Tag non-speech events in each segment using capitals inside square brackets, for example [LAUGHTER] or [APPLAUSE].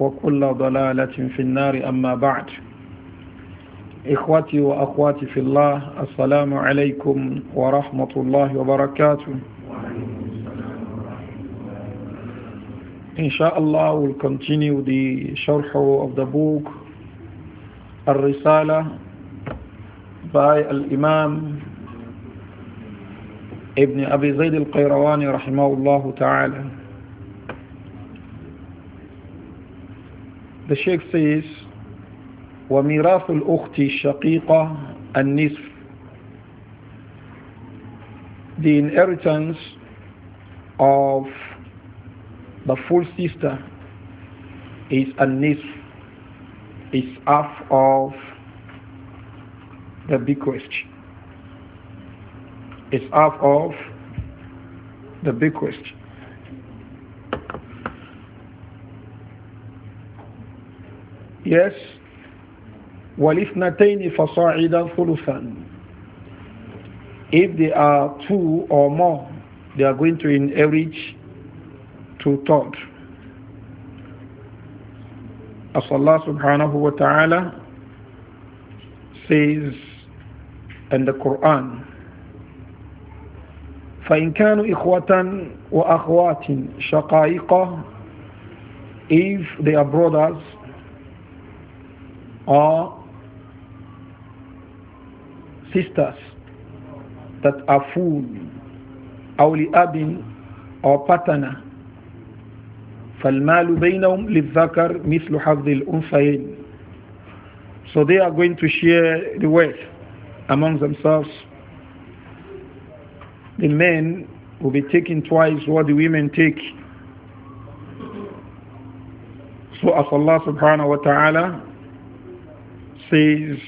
وكل ضلالة في النار أما بعد إخوتي وأخواتي في الله السلام عليكم ورحمة الله وبركاته إن شاء الله will continue the شرح of the book الرسالة by الإمام ابن أبي زيد القيرواني رحمه الله تعالى The Sheikh says, وميراث الأخت الشقيقة النصف The inheritance of the full sister is a nisf, is half of the bequest. It's half of the bequest. Yes. وَلِثْنَتَيْنِ فَصَاعِدًا ثُلُثًا If they are two or more, they are going to in average. Two third. As Allah subhanahu wa ta'ala says in the Quran, فإن كانوا إخوة وأخوات شقائق if they are brothers or sisters that are full أو لأب or patana فالمال بينهم للذكر مثل حظ الأنثيين so they are going to share the wealth among themselves the men will be taking twice what the women take so as Allah subhanahu wa ta'ala says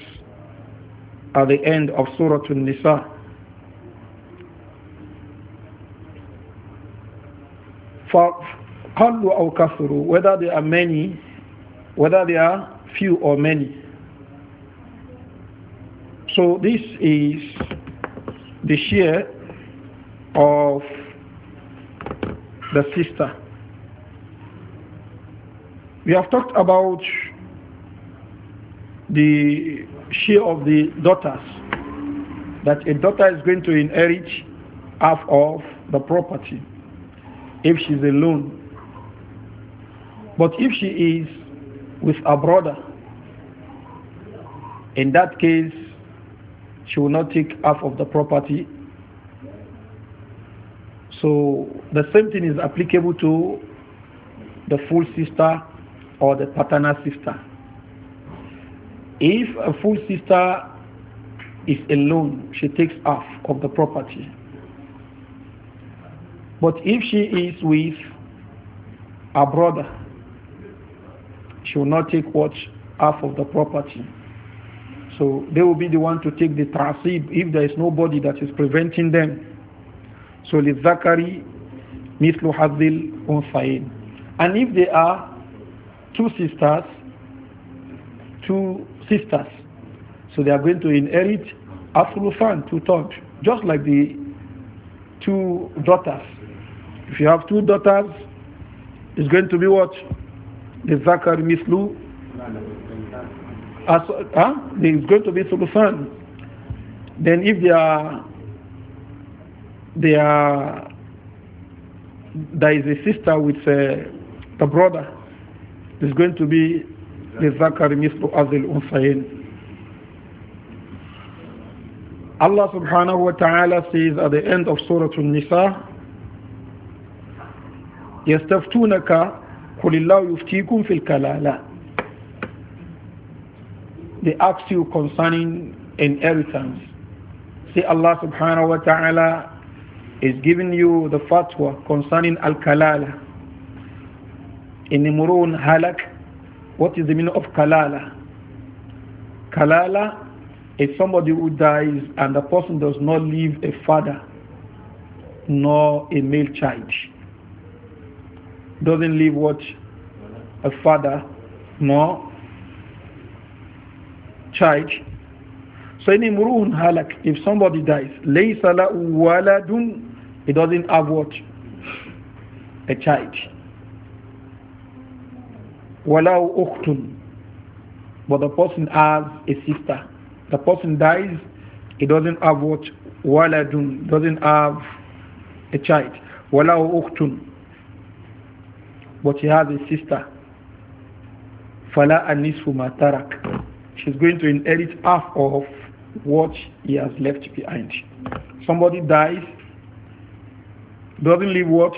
at the end of Surah An-Nisa قَلُّوا al كَثُرُوا whether there are many whether there are few or many so this is the share of the sister we have talked about the share of the daughters. That a daughter is going to inherit half of the property if she's alone. But if she is with a brother, in that case, she will not take half of the property. So the same thing is applicable to the full sister or the paternal sister. If a full sister is alone, she takes half of the property. But if she is with a brother, she will not take what half of the property. So they will be the one to take the ta'asib if there is nobody that is preventing them. So لِلذَّكَرِ مِثْلُ حَذِّ الْأُنْثَيَيْنِ And if they are two sisters, two sisters. So they are going to inherit Afrofan, two thirds, just like the two daughters. If you have two daughters, it's going to be what? The Zakar Mislu. As, huh? It's going to be Sulufan. Then if they are, they are, there is a sister with uh, the brother, it's going to be مثل أذي الأنثيين Allah subhanahu wa ta'ala says at the end of Surah An-Nisa يستفتونك قل الله يفتيكم في الكلالة They ask you concerning inheritance. See Allah subhanahu wa ta'ala is giving you the fatwa concerning al-kalala. In Imrun halak what is the meaning of kalala? Kalala is somebody who dies and the person does not leave a father nor a male child. Doesn't leave what? A father nor child. So in imruun halak, if somebody dies, laysa waladun, he doesn't have what? A child. Walau uktun. But the person has a sister. The person dies, he doesn't have what? Waladun, doesn't have a child. Walau uktun. But he has a sister. Fala anisfu matarak. She's going to inherit half of what he has left behind. Somebody dies, doesn't leave what?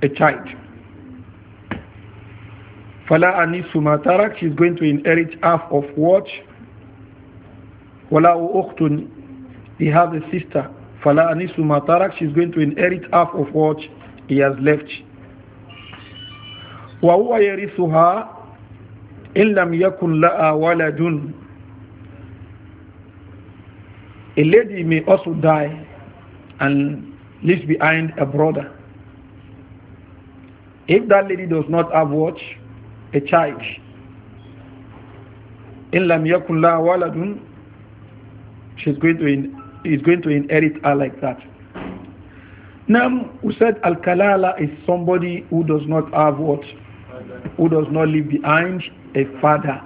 A child. Fala Anisu Matarak, she's going to inherit half of what? Wala Uktun, he has a sister. Fala Anisu Matarak, she's going to inherit half of what he has left. وهو يرثها إن لم yakun laa waladun. A lady may also die and leave behind a brother. If that lady does not have watch, a child. In lam yakun la waladun, she's going to in, is going to inherit her like that. Now, we said al-kalala is somebody who does not have what, who does not leave behind a father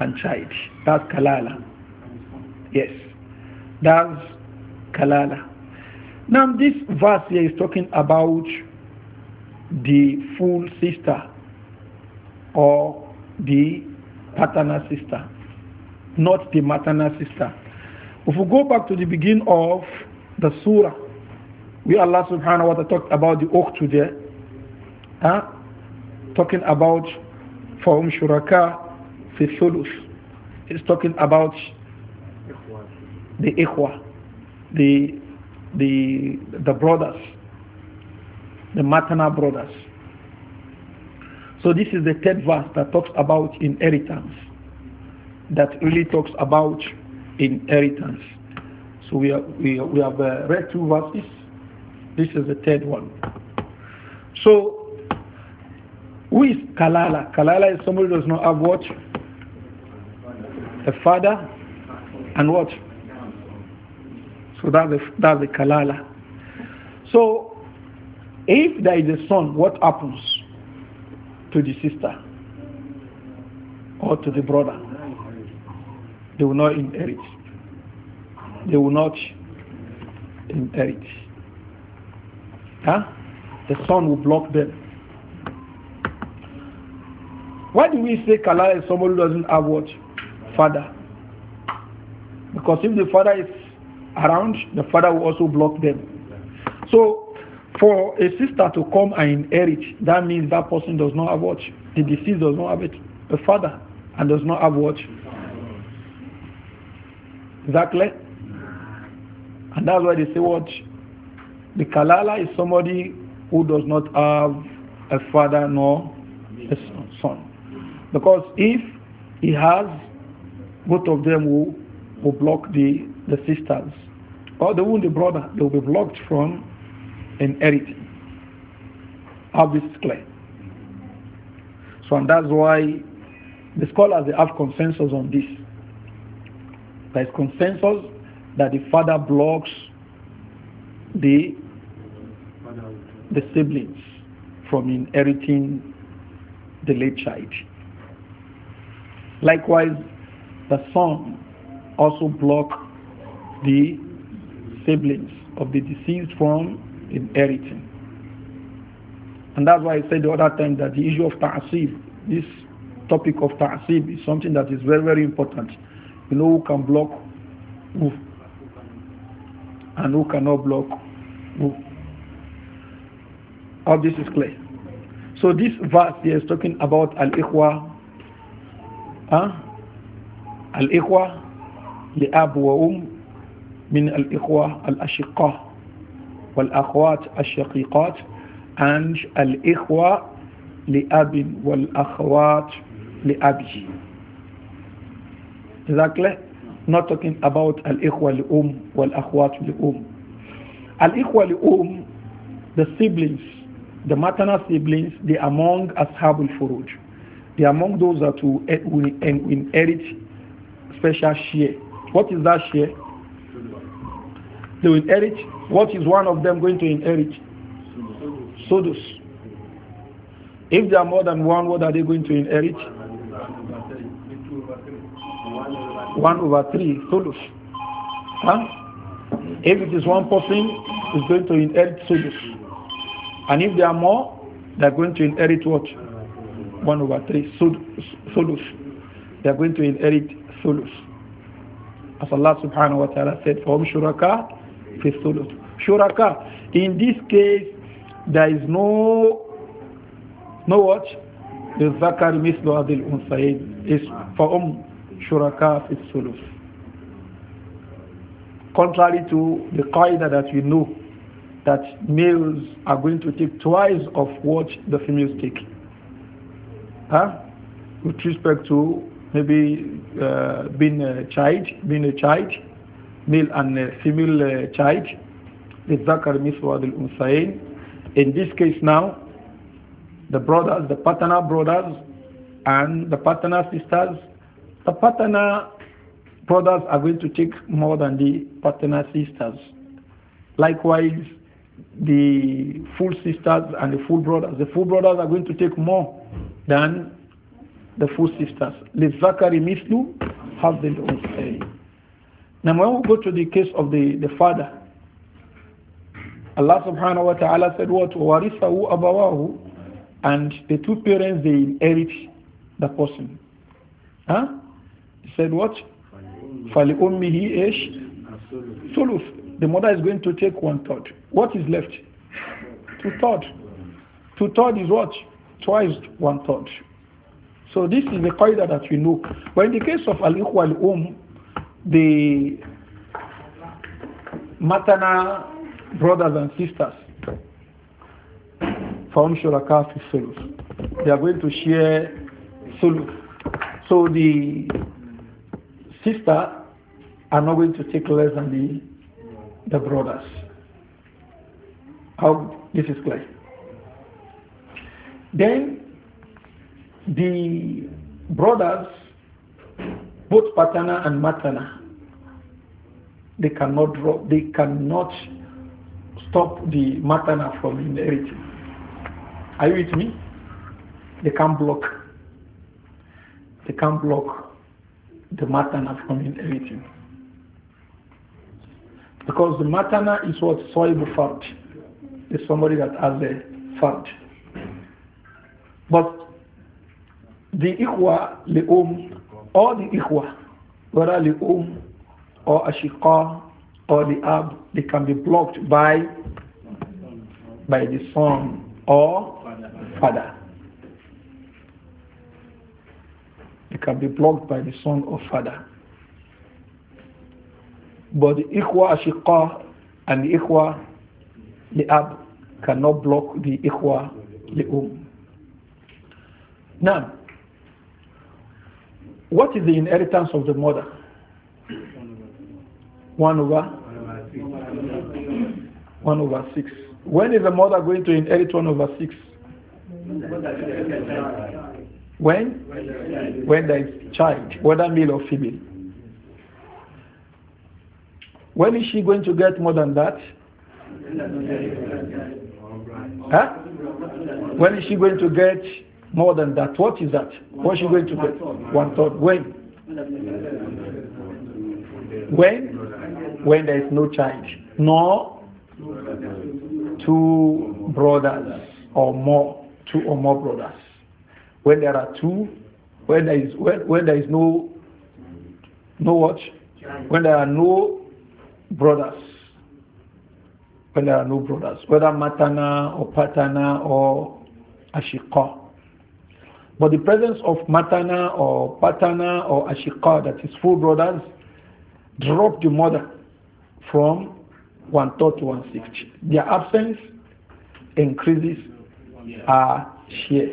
and child. That's kalala. Yes, that's kalala. Now, this verse here is talking about the full sister or the paternal sister, not the maternal sister. If we go back to the beginning of the surah, we Allah subhanahu wa ta'ala talked about the ukhtu huh? talking about فَهُمْ شُرَكَى فِي It's talking about the ikhwa, the, the, the brothers, the maternal brothers. So this is the third verse that talks about inheritance, that really talks about inheritance. So we, are, we, we have uh, read two verses. This is the third one. So who is Kalala? Kalala is somebody who does not have what? A father and what? So that's the, that's the Kalala. So if there is a son, what happens? to the sister or to the brother. They will not inherit. They will not inherit. Huh? The son will block them. Why do we say Kala is someone who doesn't have what? Father. Because if the father is around, the father will also block them. So for a sister to come and inherit, that means that person does not have watch. The deceased does not have it, a father, and does not have watch. Exactly. And that's why they say watch. The Kalala is somebody who does not have a father nor a son. Because if he has, both of them will, will block the, the sisters. Or they won't the brother, they will be blocked from and Have this clear. So and that's why the scholars they have consensus on this. There is consensus that the father blocks the the siblings from inheriting the late child. Likewise, the son also blocks the siblings of the deceased from in everything, And that's why I said the other time that the issue of ta'asib, this topic of ta'asib is something that is very, very important. You know who can block who and who cannot block who. All this is clear. So this verse here is talking about al-ikhwa, huh? al-ikhwa li'ab wa um min al-ikhwa al-ashiqah. والأخوات الشقيقات أنج الإخوة لأب والأخوات لأبي exactly not talking about الإخوة لأم والأخوات لأم الإخوة لأم the siblings the maternal siblings they are among أصحاب الفروج they are among those that will inherit special share what is that share they will inherit What is one of them going to inherit? Sodus. If there are more than one, what are they going to inherit? One over three, Sodus. Huh? If it is one person, is going to inherit Sodus. And if there are more, they are going to inherit what? One over three, Sodus. They are going to inherit Sodus. As Allah subhanahu wa ta'ala said, "From shuraka, في الثلث shuraka. In this case, there is no, no what? The zakar mislu adil unsaid is um shuraka fit sulus. Contrary to the qaida that we know, that males are going to take twice of what the females take. Huh? With respect to maybe uh, being a child, being a child, male and female uh, child, للذكر مثل unsain. in this case now the brothers the paternal brothers and the paternal sisters the paternal brothers are going to take more than the paternal sisters likewise the full sisters and the full brothers the full brothers are going to take more than the full sisters للذكر مثل حظ الأنثيين now when we go to the case of the, the father Allah subhanahu wa ta'ala said what? وَوَرِثَهُ أَبَوَاهُ And the two parents, they inherit the person. Huh? He said what? فَلِأُمِّهِ إِشْ ثُلُث The mother is going to take one third. What is left? Two third. Two third is what? Twice one third. So this is the qaida that we know. But in the case of al-ikhwa al-um, the maternal brothers and sisters. From Shuraka to They are going to share Solus. So the sister are not going to take less than the, the brothers. How this is clear. Then the brothers, both paternal and maternal, they cannot draw, they cannot stop the matana from inheriting. Are you with me? They can't block. They can't block the matana from inheriting. Because the matana is what soil fault. It's somebody that has a fault. But the ikhwa, um, or the ikhwa, whether um, or ashiqa or the ab, they can be blocked by by the son or father. They can be blocked by the son or father. But the ikwa ashiqa and the ikwa ab, cannot block the ikwa um. Now, what is the inheritance of the mother? 1 over 1 over 6. When is the mother going to inherit 1 over 6? When? When there is child, whether male or female. When is she going to get more than that? Huh? When is she going to get more than that? What is that? What is she going to get? One third. When? When? when there is no child, nor two brothers or more, two or more brothers. When there are two, when there is when, when there is no no what? When there are no brothers. When there are no brothers, whether matana or patana or ashika. But the presence of matana or patana or ashika, that is full brothers, drop the mother from 130 to one sixty. Their absence increases our share.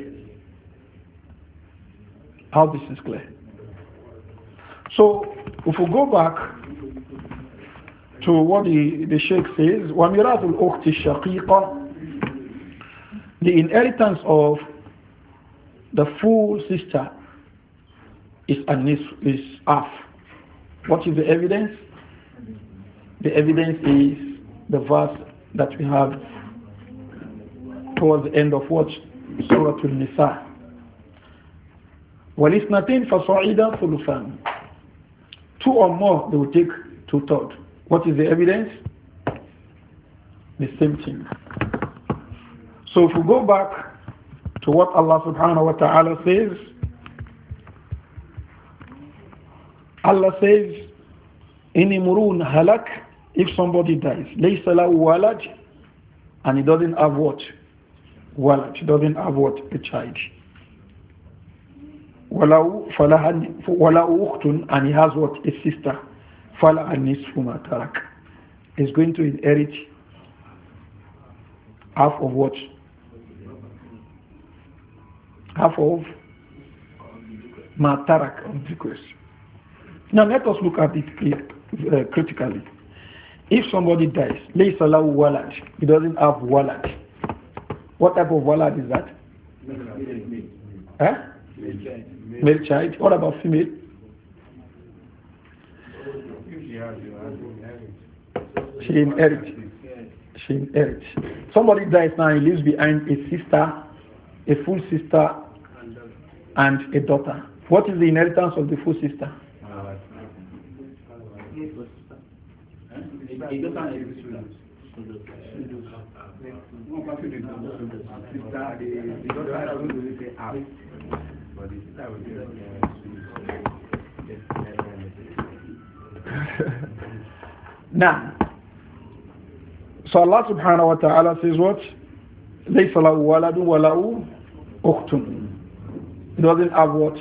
How this is clear. So if we go back to what the, the Sheikh says, وَمِرَاثُ الْأُخْتِ الشَّقِيقَ The inheritance of the full sister is an is half. What is the evidence? The evidence is the verse that we have towards the end of what? Surah Al-Nisa. وَلِسْنَتِينَ فَصَعِيدًا ثُلُثًا Two or more, they will take two-thirds. What is the evidence? The same thing. So if we go back to what Allah subhanahu wa ta'ala says, Allah says, إِنِ مُرُونَ هَلَكَ if somebody dies, لَيْسَ لَهُ وَلَدْ and he doesn't have what? Walad. doesn't have what? A child. وَلَهُ أُخْتٌ and he has what? A sister. فَلَهَا النِّصْفُ مَا تَرَكَ He's going to inherit half of what? Half of Matarak of bequest. Now let us look at it uh, critically. If somebody dies, leaves a walad, he doesn't have wallet. What type of wallet is that? Male huh? Male child. Male child. What about female? She inherits. She inherits. Somebody dies now, he leaves behind a sister, a full sister, and a daughter. What is the inheritance of the full sister? Now, so Allah subhanahu wa ta'ala says what? لَيْسَ لَهُ وَلَدٌ وَلَهُ أُخْتٌ He doesn't have what?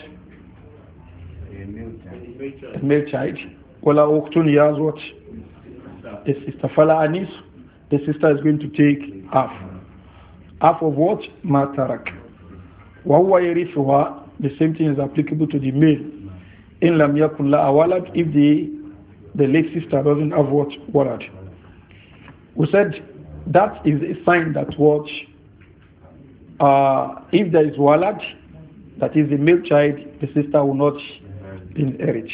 A male child. وَلَهُ أُخْتٌ He has what? the sister Fala Anis, the sister is going to take half. Half of what? Matarak. Wawa Yerifuha, the same thing is applicable to the male. In Lam Yakun La Awalad, if the, the late sister doesn't have what? Walad. We said that is a sign that what? Uh, if there is Walad, that is the male child, the sister will not inherit.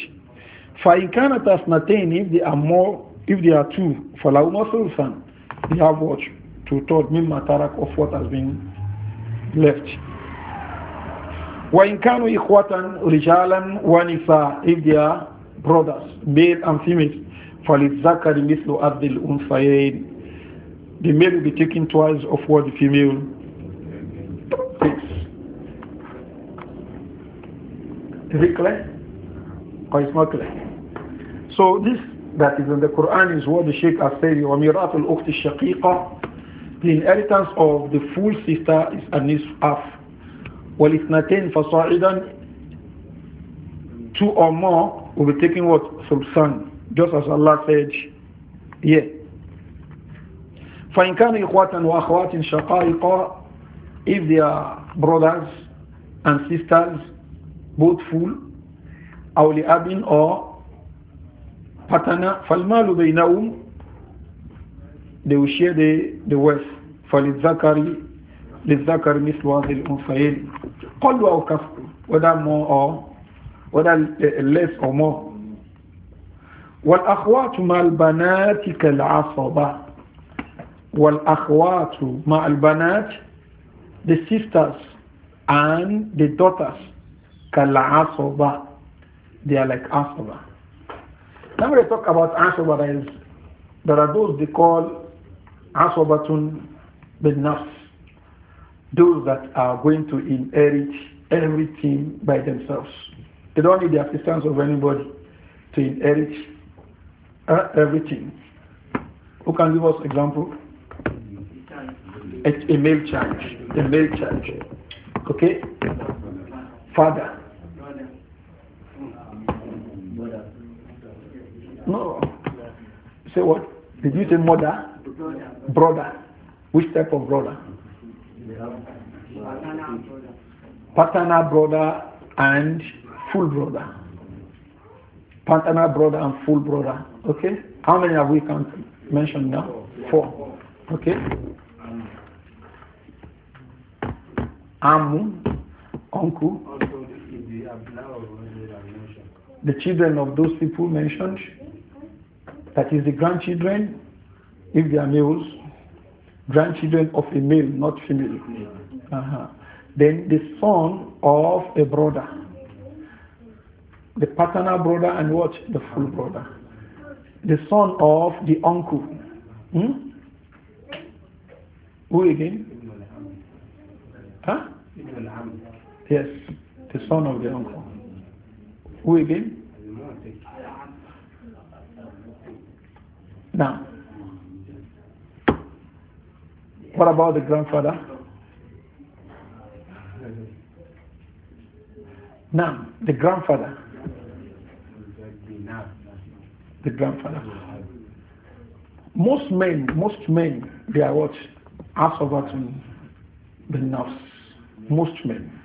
For كَانَتْ أَثْنَتَيْنِ If they are more if there are two, Falahuma Sulsan, they have what? Two third Min Matarak of what has been left. وإن كانوا إخوة رجالا ونساء if they are brothers male and female فللذكر مثل أرض الأنثيين the male will be taken twice of what the female takes is it clear or it's not clear so this that is in the Quran is what the Sheikh has said, وَمِرَاتُ الْأُخْتِ الشَّقِيقَ The inheritance of the full sister is a nisf af. وَالْإِثْنَتَيْنِ فَصَاعِدًا Two or more will be taking what? son, Just as Allah said, yeah. فَإِنْ كَانُوا إِخْوَةً وَأَخْوَاتٍ شَقَائِقَ If they are brothers and sisters, both full, أَوْ لِأَبٍ or partner فالمال بينهم de will share the, the wealth فللذكر للذكر مثل هذه الأنثيين قل أو كفر whether more or whether less or more والأخوات مع البنات كالعصبة والأخوات مع البنات the sisters and the daughters كالعصبة they are like عصبة Now we talk about asaba, there, is, there are those they call asabatun binnafs, those that are going to inherit everything by themselves. They don't need the assistance of anybody to inherit uh, everything. Who can give us example? A, a male child, a male child. Okay, father. No. Say what? Did you say mother? Brother. Which type of brother? Paternal brother and full brother. Paternal brother and full brother. Okay? How many have we mentioned now? Four. Okay? Amu, uncle. The children of those people mentioned that is the grandchildren, if they are males, grandchildren of a male, not female. Uh -huh. Then the son of a brother, the paternal brother and what? The full brother. The son of the uncle. Hmm? Who again? Huh? Yes, the son of the uncle. Who again? Now, what about the grandfather? Now, the grandfather. The grandfather. Most men, most men, they are what? Asobatun the nafs. Most men.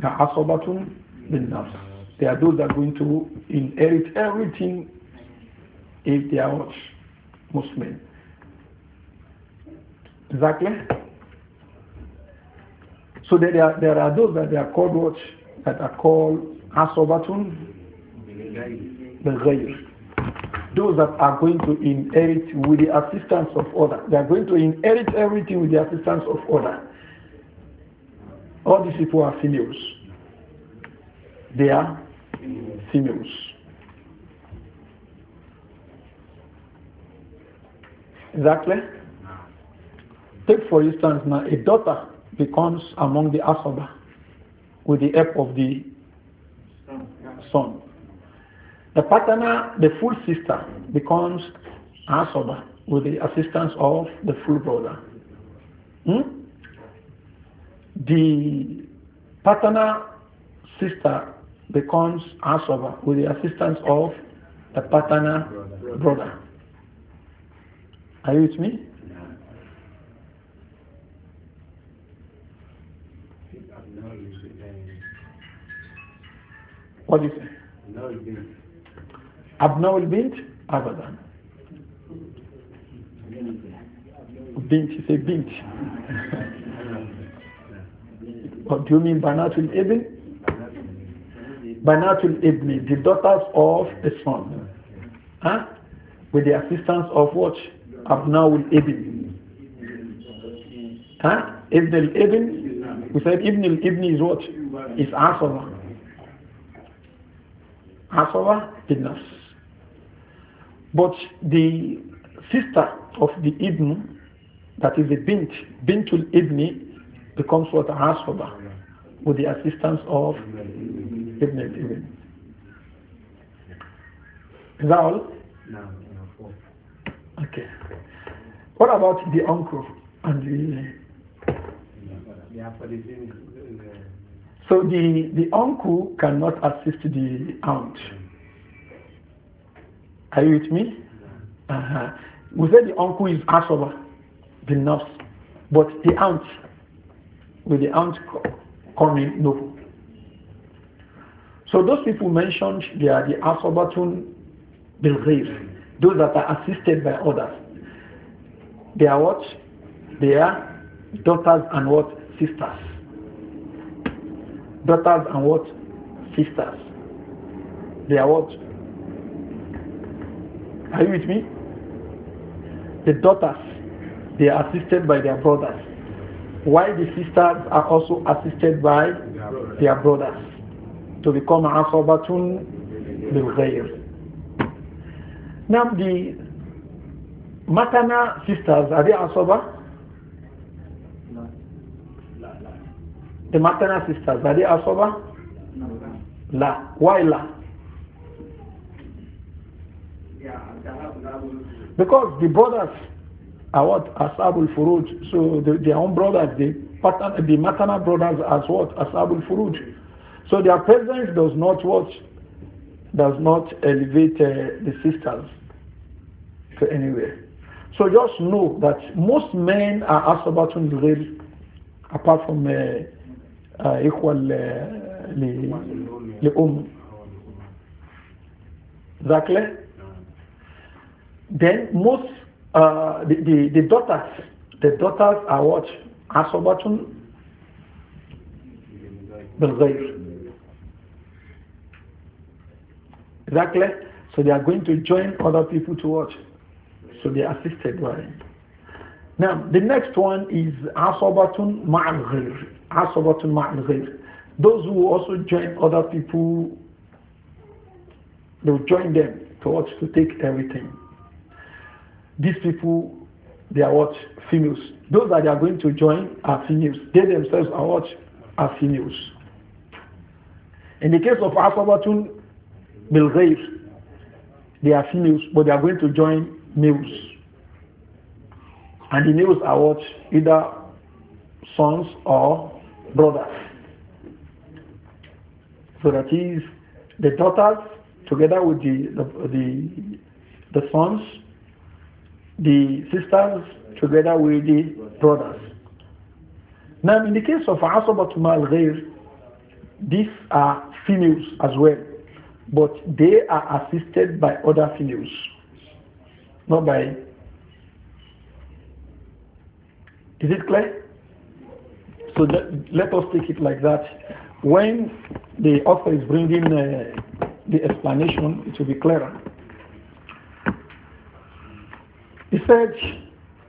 They are asobatun the nafs. They are those that are going to inherit everything if they are Muslim. Exactly. So there are, there are those that they are called what? That are called asobatun bil Those that are going to inherit with the assistance of other. They are going to inherit everything with the assistance of other. All these people are females. They are females. Exactly. Take for instance now a daughter becomes among the asoba with the help of the son. The partner, the full sister, becomes asoba with the assistance of the full brother. Hmm? The partner sister becomes asoba with the assistance of the partner brother. Are you with me? What do you say? bint Abadan. Bint, you say bint. [LAUGHS] What do you mean بنات الابن بنات الابن the daughters of a son huh? with the assistance of what أبناء الإبن ها ابن الابن we said ابن الابن is what is عصبة عصبة بالنفس but the sister of the ibn that is the bint Bintul ibn becomes what عصبة with the assistance of ابن الابن is that all? No. Okay. What about the uncle and the... so the, the uncle cannot assist the aunt. Are you with me? Uh-huh. We said the uncle is Asoba, the nurse, but the aunt, with the aunt coming, no. So those people mentioned they are the Asobatun Bilghayr. Those that are assisted by others. They are what? They are daughters and what? Sisters. Daughters and what? Sisters. They are what? Are you with me? The daughters, they are assisted by their brothers. While the sisters are also assisted by their brothers to become asabatun bil now the maternal sisters, are they Asoba? No. The maternal sisters, are they Asoba? No. La. Why La? because the brothers are what? Asabul Furuj. So the, their own brothers, the, pattern, the maternal brothers as what? Asabul Furuj. So their presence does not what? does not elevate uh, the sisters to anywhere. So just know that most men are asbabatun ghir apart from equal لأم Exactly. Then most uh, the, the, the daughters the daughters are what asobatun بالغير Exactly. So they are going to join other people to watch. So they assisted by. Right? Now the next one is asobatun ma'al Asobatun ma'al Those who also join other people, they'll join them to watch to take everything. These people, they are what females. Those that they are going to join are females. They themselves are what are females. In the case of asobatun male grave. They are females, but they are going to join males. And the males are what? Either sons or brothers. So that is the daughters together with the, the, the, the sons, the sisters together with the brothers. Now, in the case of Asabat Mal Ghair, these are females as well but they are assisted by other females, not by. Is it clear? So that, let us take it like that. When the author is bringing uh, the explanation, it will be clearer. He said,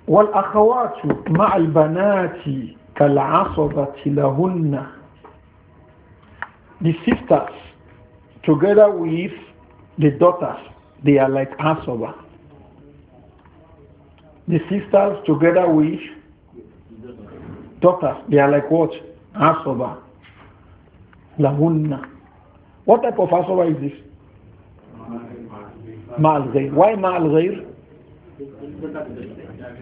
وَالْأَخَوَاتُ مَعَ الْبَنَاتِ كَالْعَصَبَةِ لَهُنَّ The sisters together with the daughters, they are like Passover. The sisters together with daughters, they are like what? asoba. Lahunna. What type of asoba is this? Ma'al Why Ma'al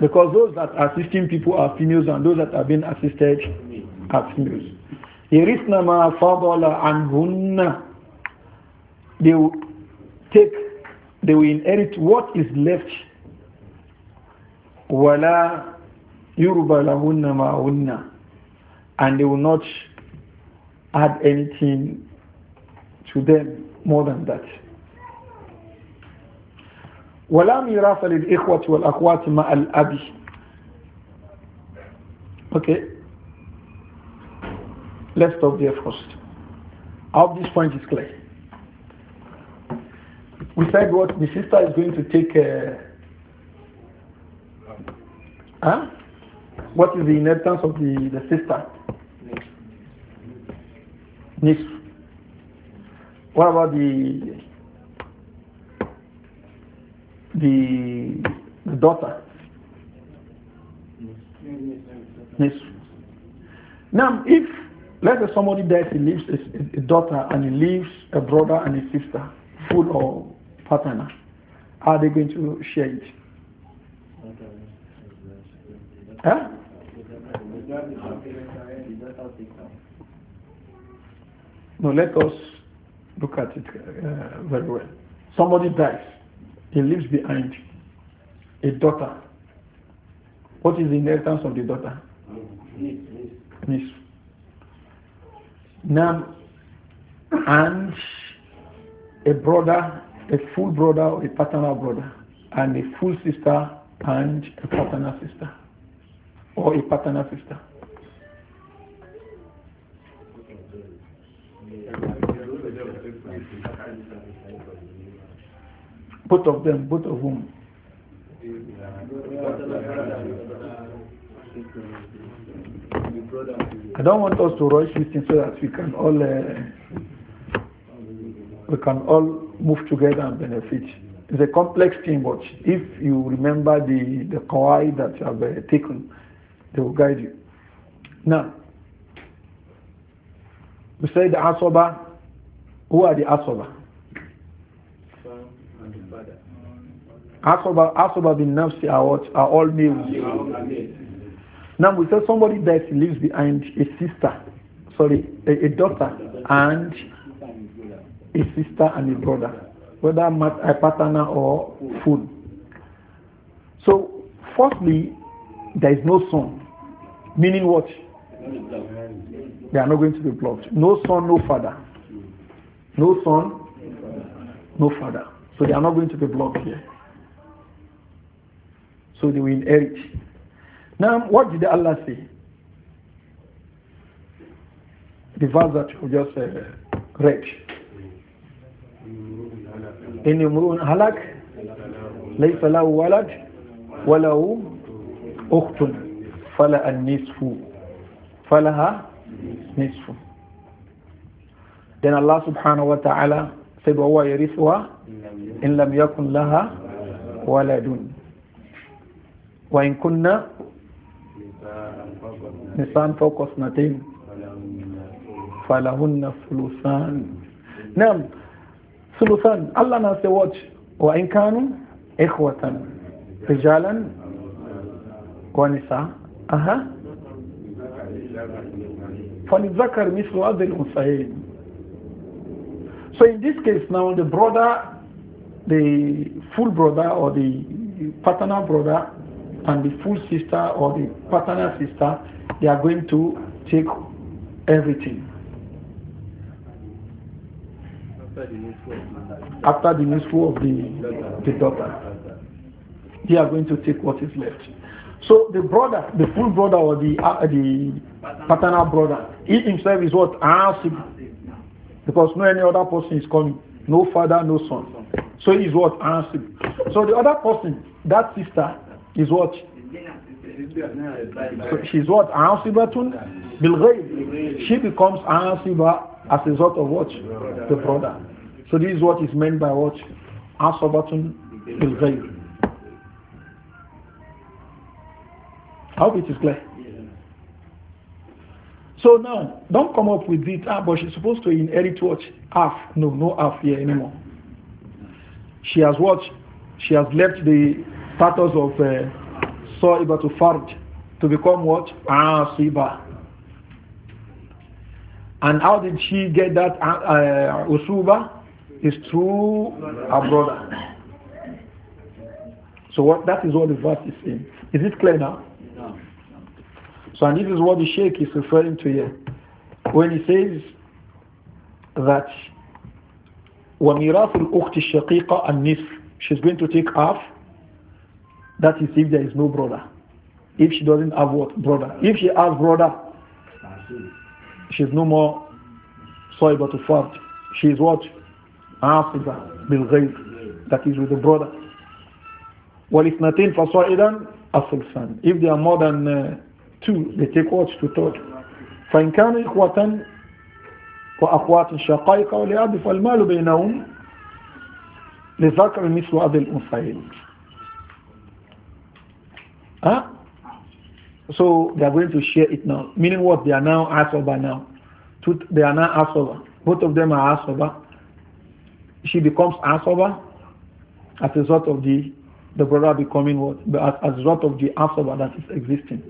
Because those that are assisting people are females and those that are being assisted are females. يرثن ما فضل عنهن they will take, they will inherit what is left. وَلَا يُرْبَ لَهُنَّ مَعُنَّ And they will not add anything to them more than that. ولا ميراث للإخوة والأخوات مع الأب Okay. Let's stop there first. I hope this point is clear. We said what the sister is going to take. Uh, huh? What is the inheritance of the, the sister? Nis. What about the the, the daughter? Nis. Now, if let's say somebody dies, he leaves a, a daughter and he leaves a brother and a sister, full of partner? Are they going to share it? Huh? No, let us look at it uh, very well. Somebody dies, he leaves behind a daughter. What is the inheritance of the daughter? Nis. Now, and a brother a full brother or a paternal brother, and a full sister and a paternal sister, or a paternal sister. Both of them, both of whom? I don't want us to rush this thing so that we can all. Uh, we can all move together and benefit. It's a complex thing, but if you remember the, the kawaii that you have uh, taken, they will guide you. Now, we say the asoba. Who are the asoba? Asoba, asoba bin nafsi are, what, are all males. Now we say somebody that leaves behind a sister, sorry, a, a daughter and a sister and a brother, whether partner or food. So, firstly, there is no son, meaning what? They are not going to be blocked. No son, no father. No son, no father. So they are not going to be blocked here. So they will inherit. Now, what did Allah say? The verse that you just uh, read. إن امرؤ هلك ليس له ولد وله أخت فلها النصف فلها نصف Then Allah سبحانه وتعالى ta'ala said وهو يرثها إن لم يكن لها ولد وإن كنا نسان فوق اثنتين فلهن ثلثان نعم وَإِنْ كَانُوا إِخْوَةً رِجَالًا ونساء أها مثل هذا الأنثيين So in this case now the brother, the full brother or the paternal brother and the full sister or the paternal sister, they are going to take everything. After the school of the, the daughter. They are going to take what is left. So the brother, the full brother or the, uh, the paternal brother, he himself is what? Ansib. Because no any other person is coming. No father, no son. So he's what? Ansib. So the other person, that sister, is what? So she's what? Ansibatun? She becomes Ansiba as a result of what? The brother. So this is what is meant by what? Asabatun bil ghayb. I hope it is clear. So now, don't come up with it. Ah, but she's supposed to inherit what? Half. No, no half here anymore. She has what? She has left the status of uh, Sa'iba to Fard to become what? Asiba. And how did she get that uh, uh, usuba? Is through her brother. So what, that is what the verse is saying. Is it clear now? So and this is what the Sheikh is referring to here. When he says that وَمِرَاثُ الْأُخْتِ الشَّقِيقَ النِّصْفِ She's going to take half. That is if there is no brother. If she doesn't have what? Brother. If she has brother, she's no more Soibatu fart. She is what? Asiba bil That is with the brother. Well, وَالْإِثْنَتِينَ فَصَائِدًا أَصُلْفًا If there are more than uh, two, they take what? To third. فإن كانوا إخوة وأخوات شقائق ولأب فالمال بينهم لذكر مثل أبي الأنثيين ها so they are going to share it now. Meaning what? They are now Asoba now. They are now Asoba. Both of them are Asoba. She becomes Asoba as a result of the the brother becoming what? As, as a result of the Asoba that is existing.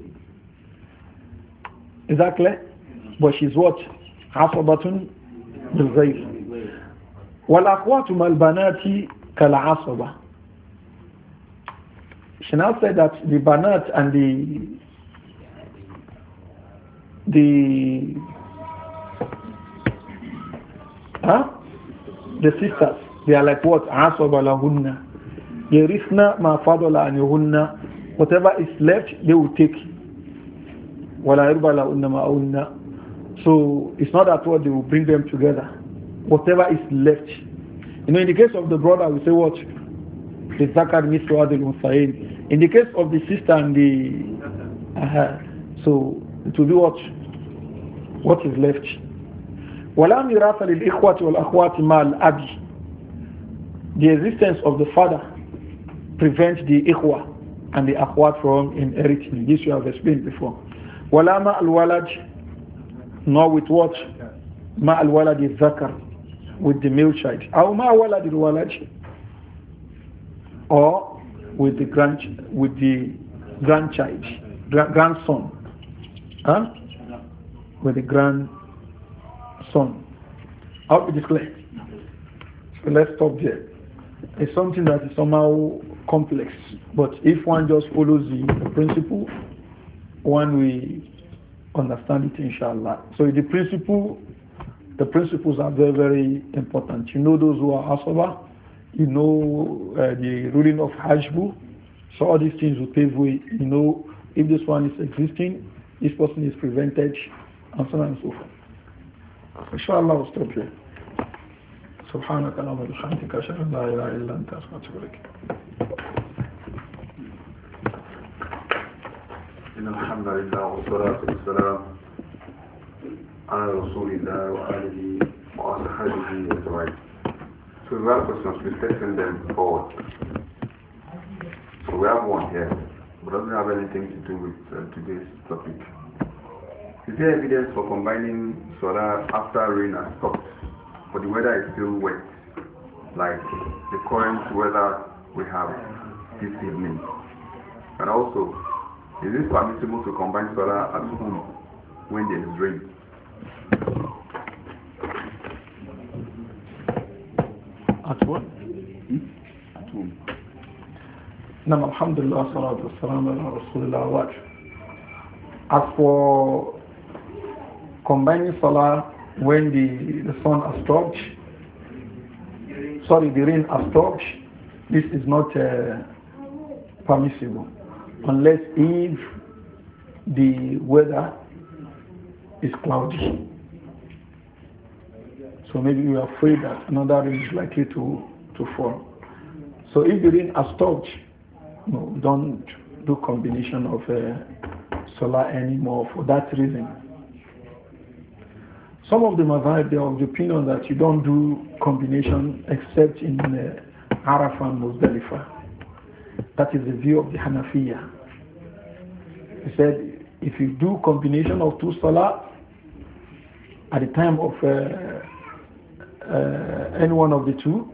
Is that clear? But she's what? Asobatun بالغير والأخوات مع البنات كالعصبة she now said that the banat and the the huh? the sisters they are like what asabalahunna yarisna ma fadala Hunna. whatever is left they will take wala yarbalahunna ma'unna so it's not that what they will bring them together whatever is left you know in the case of the brother we say what the zakar mithlu adil in the case of the sister and the uh -huh, so to do what? What is left. وَلَا مِرَاثَ لِلْإِخْوَةِ وَالْأَخْوَاتِ مَا الْأَبِي The existence of the father prevents the ikhwa and the akhwat from inheriting. This we have explained before. وَلَا مَا الْوَلَدِ Nor with what? مَا الْوَلَدِ الذَّكَرِ With the male child. أَوْ مَا وَلَدِ الْوَلَدِ Or with the grand with the grandchild, grandson huh? with the grandson. How to clear. So let's stop there. It's something that is somehow complex, but if one just follows the principle, one will understand it, inshallah. So the principle, the principles are very, very important. You know those who are asaba, you know uh, the ruling of hajbu, so all these things will pave way. You know if this one is existing, this person is prevented, and so on and so forth. Inshallah, we'll stop here. سبحانك اللهم وبحمدك اشهد ان لا اله الا انت استغفرك ان الحمد لله والصلاه والسلام على رسول الله واله واصحابه اجمعين So we have questions, we've taken So we have one here. but doesn't have anything to do with uh, today's topic. Is there evidence for combining solar after rain has stopped, but the weather is still wet, like the current weather we have this evening? And also, is it permissible to combine solar at home when there is rain? Now, alhamdulillah salatu wassalam As for combining salah when the, the sun has touched, sorry, the rain has touched, this is not uh, permissible unless if the weather is cloudy. So maybe you are afraid that another rain is likely to, to fall. So if the rain has stopped, no, don't do combination of uh, solar anymore for that reason. Some of them have they the opinion that you don't do combination except in uh, Arafah and Muzdalifah. That is the view of the Hanafiya. He said, if you do combination of two salah at the time of uh, uh, any one of the two,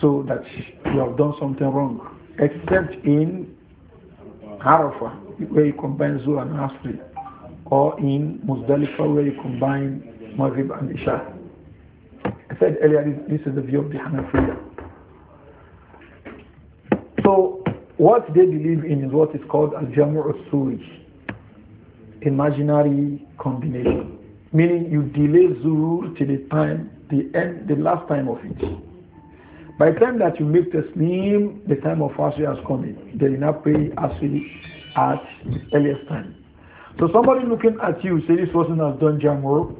so that you have done something wrong except in Arafah where you combine Zu and Asri or in Muzdalifah where you combine Maghrib and Isha. I said earlier this, this is the view of the Hanafiya. So what they believe in is what is called al-jamu' al-suri, imaginary combination, meaning you delay zuhur till the time, the end, the last time of it. By the time that you make the taslim, the time of Asri has come in. They you not pray Asri at the earliest time. So somebody looking at you say this person has done work,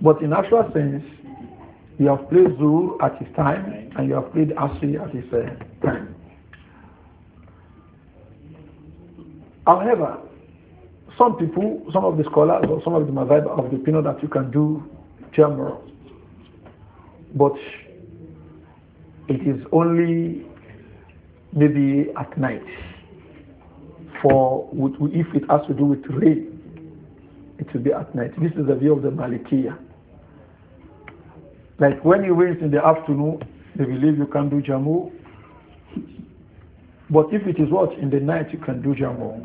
but in actual sense, you have played Zuhr at his time and you have played Asri at his uh, time. However, some people, some of the scholars or some of the mazhab of the opinion that you can do Jamur, but it is only maybe at night. For if it has to do with rain, it will be at night. This is the view of the Malikiya. Like when it rains in the afternoon, they believe you can do jamu. But if it is what in the night, you can do jamu.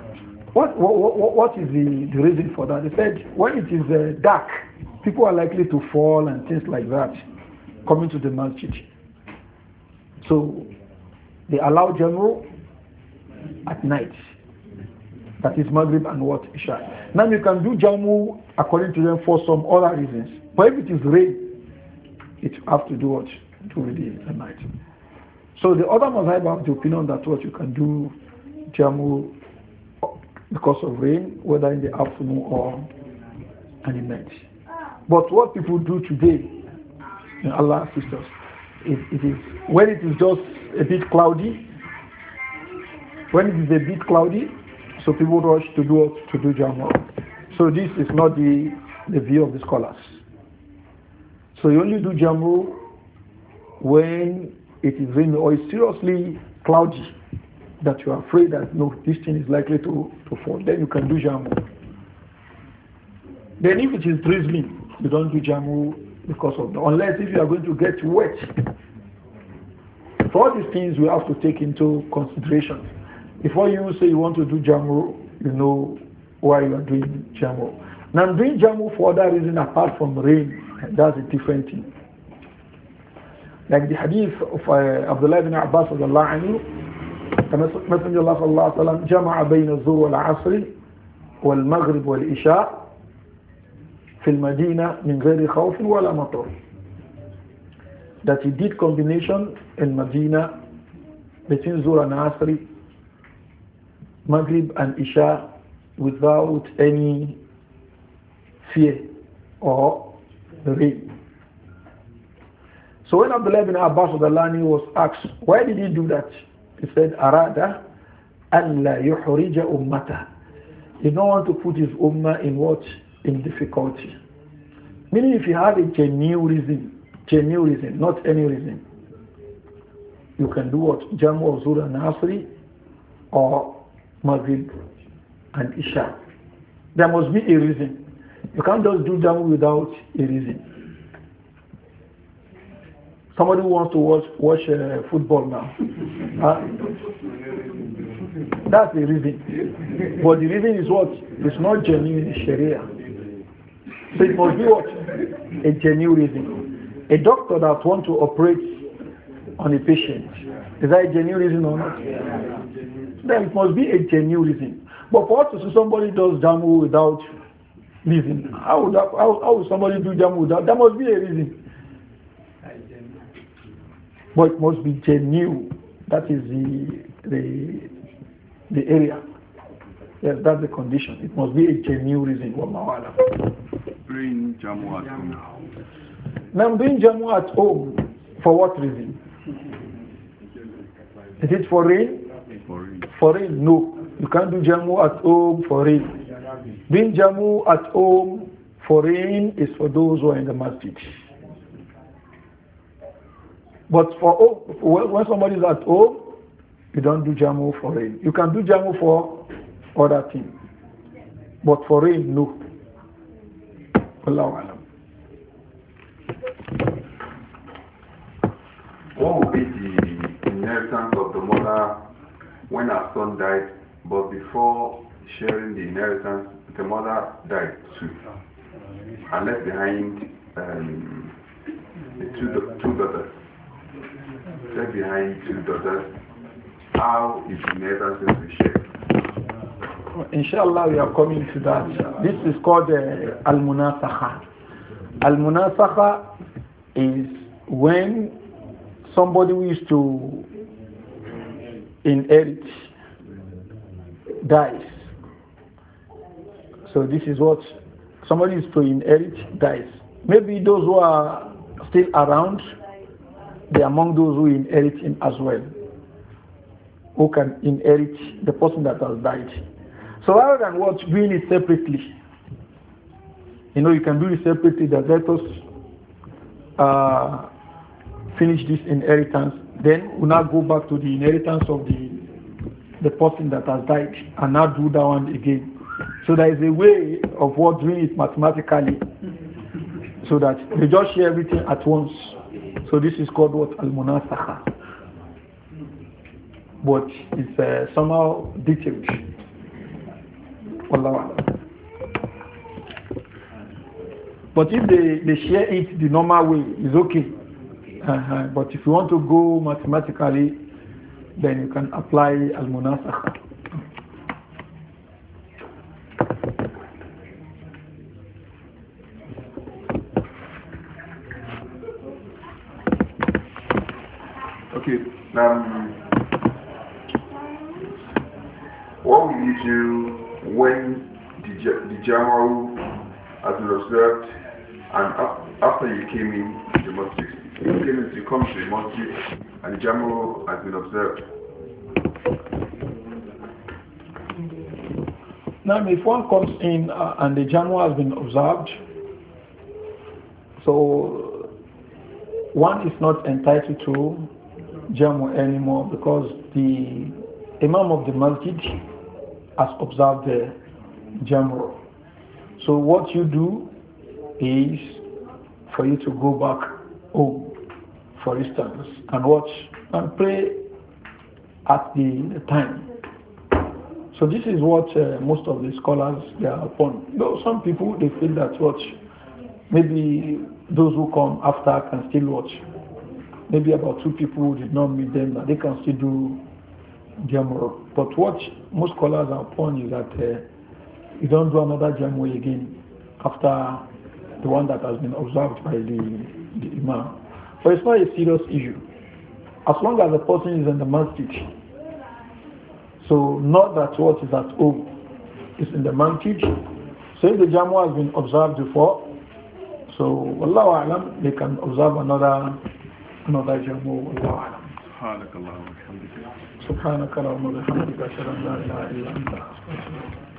What what what, what is the, the reason for that? They said when it is uh, dark, people are likely to fall and things like that, coming to the masjid. So they allow general at night. That is Maghrib and what? Isha. Now you can do Jamu according to them for some other reasons. But if it is rain, it have to do what? During the night. So the other Mazhab have the opinion that what you can do Jamu because of rain, whether in the afternoon or in the night. But what people do today, Allah assist us. It, it is when it is just a bit cloudy. When it is a bit cloudy, so people rush to do to do jamal. So this is not the the view of the scholars. So you only do jamu when it is raining or it's seriously cloudy that you are afraid that no, this thing is likely to, to fall. Then you can do jamu. Then if it is drizzling, you don't do jamu because of that, unless if you are going to get wet. For all these things we have to take into consideration. Before you say you want to do jamu, you know why you are doing jamu. Now I'm doing jamu for other reason apart from rain. That's a different thing. Like the hadith of uh, Abdullah ibn Abbas of Allah the Messenger of Allah جمع بين wal maghrib wal isha. في Madina من غير خوف ولا مطر that he did combination in Medina between Zuhr and Asri Maghrib and Isha without any fear or rain so when Abdullah bin Abbas was asked why did he do that he said arada an la yuhrija ummata he don't want to put his ummah in what in difficulty. Meaning if you have a genuine reason, genuine reason, not any reason, you can do what? Jamu or Zura Nasri or Maghrib and Isha. There must be a reason. You can't just do Jamu without a reason. Somebody wants to watch, watch uh, football now. [LAUGHS] Huh? That's the reason. But the reason is what? It's not genuine Sharia. So it must be what? A genuine reason. A doctor that wants to operate on a patient, is that a genuine reason or not? Then it must be a genuine reason. But for us to see somebody does jamu without reason, how would, that, how, how would somebody do jamu without? There must be a reason. But it must be genuine. That is the, the, the area. Yes, that's the condition. It must be a genuine reason. Jamu at home? Now I'm doing Jamu at home. For what reason? Is it for rain? For rain. For rain, no. You can't do Jamu at home for rain. Doing Jamu at home for rain is for those who are in the masjid. But for home, when somebody is at home, you don't do Jamu for rain. You can do Jamu for other things. But for rain, no. Wallahu alam. What would be the inheritance of the mother when her son died, but before sharing the inheritance, the mother died too, and left behind um, the two, two daughters. Left behind two daughters. How is the inheritance to shared? Inshallah, we are coming to that. This is called uh, al-munasakha. Al-munasakha is when somebody wishes to inherit dies. So this is what somebody is to inherit dies. Maybe those who are still around, they are among those who inherit him as well. Who can inherit the person that has died. So rather than what doing it separately, you know, you can do it separately. That let us uh, finish this inheritance. Then we now go back to the inheritance of the the person that has died and now do that one again. So there is a way of what doing it mathematically, so that they just share everything at once. So this is called what al but it's uh, somehow detailed. Allah. But if they, they share it the normal way, it's okay. Uh -huh. But if you want to go mathematically, then you can apply al-munasakha. Okay. Um, what will you do when the, the has been observed and after you came in the mosque, you came in to come to the mosque and the Jamaru has been observed. Now if one comes in uh, and the Jamaru has been observed, so one is not entitled to Jamu anymore because the Imam of the Masjid as observed the general. So what you do is for you to go back home, for instance, and watch and pray at the time. So this is what uh, most of the scholars they are upon. Though some people they feel that watch, maybe those who come after can still watch. Maybe about two people did not meet them, but they can still do jamr. But what most scholars are upon is that uh, you don't do another jamr again after the one that has been observed by the, the imam. So it's not a serious issue. As long as the person is in the masjid, so not that what is at home is in the masjid. So the jamu has been observed before, so Wallahu Alam, they can observe another another jamu, Alam. سبحانك اللهم وبحمدك سبحانك اللهم وبحمدك اشهد ان لا اله الا انت